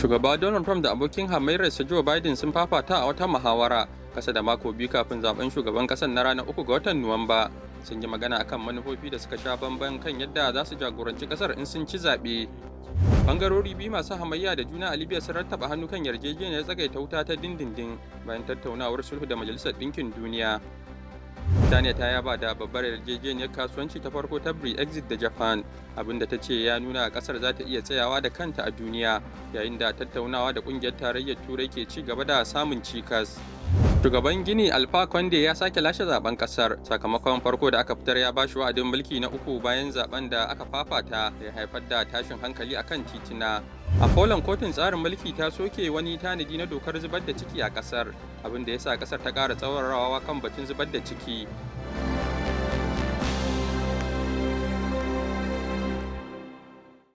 shugaba donald trump da abokin hamayyarsa joe biden sun fafata a wata muhawara kasa da mako biyu kafin zaben shugaban kasar na ranar uku ga watan nuwamba sun yi magana akan manufofi da suka sha bamban kan yadda za su jagoranci kasar in sun ci zaɓe bangarori biyu masu hamayya da juna a libya sun rattaba hannu kan yarjejeniyar tsagaita wuta ta dindindin bayan tattaunawar sulhu da majalisar ɗinkin duniya Daniel ta yaba da babbar yarjejeniyar kasuwanci ta farko ta Brexit da Japan, abinda ta ce ya nuna kasar za ta iya tsayawa da kanta a duniya, yayin da tattaunawa da kungiyar tarayyar Turai ke ci gaba da samun cikas. Shugaban Gini Alfa Conde ya sake lashe zaben kasar sakamakon farko da aka fitar ya shi wa'adin mulki na uku bayan zaben da aka fafata da ya haifar da tashin hankali akan titina. A Poland kotun tsarin mulki ta soke wani tanadi na dokar zubar da ciki a kasar abin da ya sa kasar ta ƙara rawa kan batun zubar da ciki.